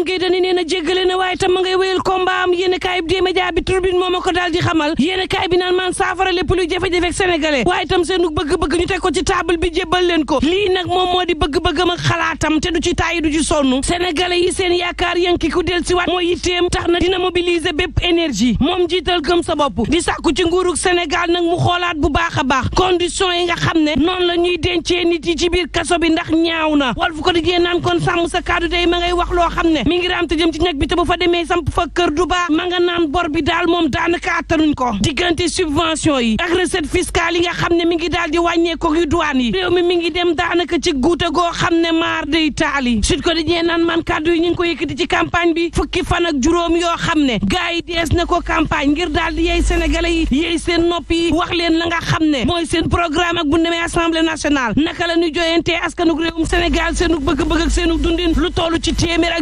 Bougane Gueye Dany nee na waaye tam ma ngay wéyal combat am yéen a kaay bi média bi turbine moo ma ko daal di xamal naan man saafara lépp luy jafe-jafe sénégalais waaye itam seenu bëgg-bëgg ñu teg ko ci table bi jébbal leen ko lii nag moom moo di bëgg-bëggam ak xalaatam te du ci tàyyi du ci sonn sénégalais yi seen yaakaar yanki ku del si waat mooy yitteem tax na dina mobiliser bépp énergie moom jiital gëm sa bopp di sàkku ci nguurug Sénégal nag mu xoolaat bu baax a baax condition yi nga xam ne noonu la ñuy dencee nit yi ci biir kaso bi ndax ñaaw na ko dijee naan kon sa kaddu wax loo xam ne mi ngi raam te jëm bi te bu fa Abdou Ba ma nga naan bor bi daal moom daanaka attanuñ ko diggante subvention yi ak recette yi nga xam ne mi ngi daal di wàññeeku yu douane yi réew mi mi ngi dem daanaka ci guute goo xam ne maar day taali sud ko dañee naan man kàddu yi ñu ngi ko yëkkati ci campagne bi fukki fan ak juróom yoo xam ne gars yi dees na ko campagne ngir daal di yey sénégalais yi yey seen nopp yi wax leen la nga xam ne mooy seen programme ak bu demee assemblée naka la lu toll ci téeméer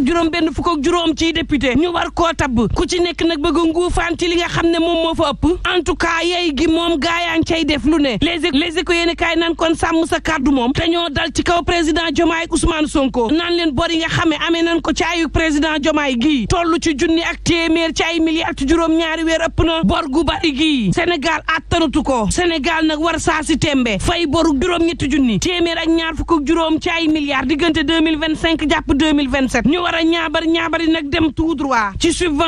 nëbb ku ci nekk nag bëgg a nguufaan ci xam ne moom moo fa ëpp en tout cas yey gi moom gaayaan cay def lu ne les les éco yéen kaay naan kon sàmm sa kàddu moom dañoo dal ci kaw président Diomaye ak Ousmane Sonko naan leen bor yi nga nan ko ci ayu président Diomaye gii toll ci junni ak téeméer ci ay milliards ci juróom-ñaari weer ëpp na bor gu bari gii Sénégal attanatu ko Sénégal nag war saa si tembe fay boru juróom-ñetti junni téeméer ak ñaar fukk ak juróom ci ay milliards diggante deux mille vingt mille vingt sept ñu war a ñaabar ñaabari nag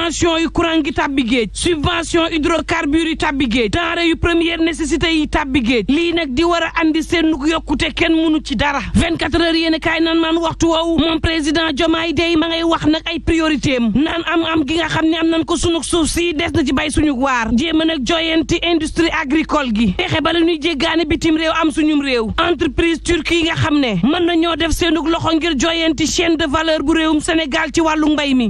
subvention yu courant gi tàbbi géej subvention hydrocarbures yi tàbbi géej denrée yu première nécessité yi tàbbi géej lii nag di war a andi seen yokkute kenn mënu ci dara 24 heures yéen a kaay nan man waxtu woowu moom président Diomaye Day ma ngay wax nag ay priorité am naan am am gi nga xam ne am nan ko sunug suuf si des na ci bay suñu waar jéem a nag joyanti industrie agricole gi fexe ba la ñuy jéggaane bitim réew am suñum réew entreprise turque yi nga xam ne mën na def seenug loxo ngir joyanti chaîne de valeur bu réewum Sénégal ci wàllu mbay mi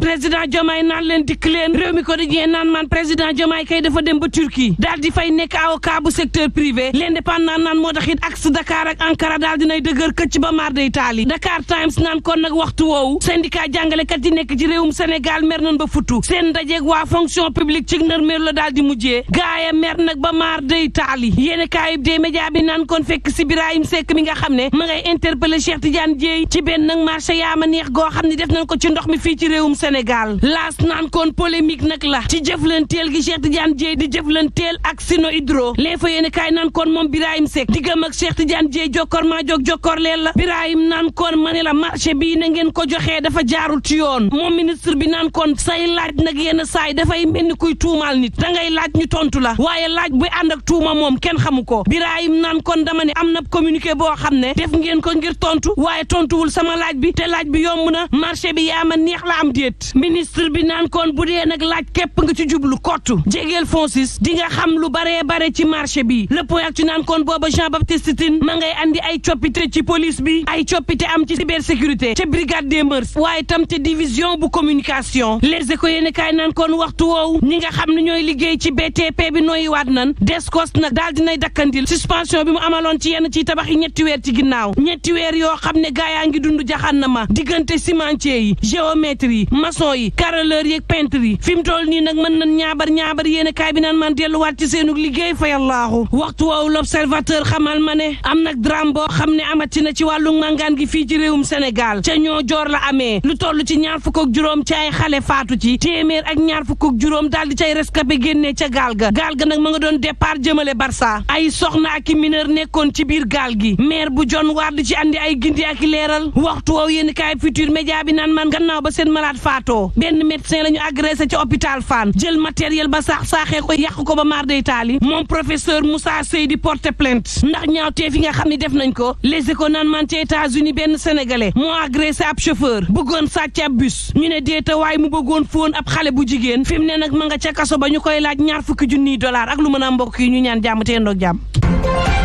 dikk leen réew mi quotidien naan maan président Diomaye kay dafa dem ba Turquie daal di fay nekk avocat bu secteur privé l'indépendant naan moo tax it axe Dakar ak Ankara daal dinay dëgër këcc ba maar day taali Dakar Times naan kon nag waxtu woowu jàngale kat di nekk ci réewum Sénégal mer nan ba futu seen ndajeeg waa fonction publique ci nërmeer la daal di mujjee gaaya mer nag ba maar day taali yéen kaayib des média bi naan kon fekk si Birahim Seck mi nga xam ne ma ngay interpellé Cheikh Tidiane Dieye ci benn nag marché yaa ma neex goo xam ne def nañ ko ci ndox mi fii ci réewum Sénégal doon polémique nag la ci jëflanteel gi Cheikh Tidiane Dièye di jëflanteel ak Sino Hydro lee fa yéen kaay naan kon moom Birahim Seck diggam ak Cheikh Tidiane Dièye jokkoor maa jóg jokkoor leen la Birahim naan kon ma ne la marché bii na ngeen ko joxee dafa jaarul ci yoon moom ministre bi naan kon say laaj nag yenn saay dafay mel ni kuy tuumaal nit dangay laaj ñu tontu la waaye laaj bi ànd ak tuuma moom kenn xamu ko Birahim naan kon dama ne am na communiqué boo xam ne ngeen ko ngir tontu waaye tontuwul sama laaj bi te laaj bi yomb na marché bi yaa ma neex la am déet bu dee nag laaj képp nga ci jublu kottu jegeel Fonsis di nga xam lu baree bare ci marché bi le point ak ci naan kon booba Jean Baptiste Tine ma ngay andi ay coppite ci police bi ay coppite am ci cybersécurité ca brigade des mœurs waaye tam te division bu communication les écoles yéen kaay naan kon waxtu woowu ñi nga xam ne ñooy liggéey ci BTP bi nooy waat nan Descos nag daal dinay dakkandil suspension bi mu amaloon ci yenn ci tabax yi ñetti weer ci ginnaaw ñetti weer yoo xam ne gaa yaa ngi dund jaxaan na ma diggante cimentier yi géomètre yi peintre yi fi mu toll nii nag mën nan ñaabar ñaabar yéen kaay bi naan man delluwaat ci seenug liggéey fa yallaahu waxtu woowu l'observateur xamal ma ne am nag drame boo xam ne amati na ci wàllu màngaan gi fii ci réewum Sénégal ca ñoo joor la amee lu toll ci ñaar fukk juróom ci ay xale faatu ci téeméer ak ñaar fukk juróom daal di cay rescapé génnee ca gaal ga gaal ga nag ma nga doon départ jëmale Barça ay soxna ak i mineur nekkoon ci biir gaal gi maire bu John Ward ci andi ay gindi ak leeral waxtu woowu yéen kaay bi naan man gannaaw ba seen malade faatoo agressé ci hôpital Fann jël matériel ba saax saaxee ko yàq ko ba maar day taali moom professeur Moussa di porte plainte ndax ñaawteef yi nga xam ni def nañ ko les ko nan man ci États-Unis benn sénégalais moo agressé ab chauffeur bëggoon sàcc ab bus ñu ne déeta waaye mu bëggoon fóon ab xale bu jigéen fi mu ne nag ma nga ca kaso ba ñu koy laaj ñaar fukki junniy dollar ak lu mën a mbokk yi ñu ñaan jàmm te yendoog jàmm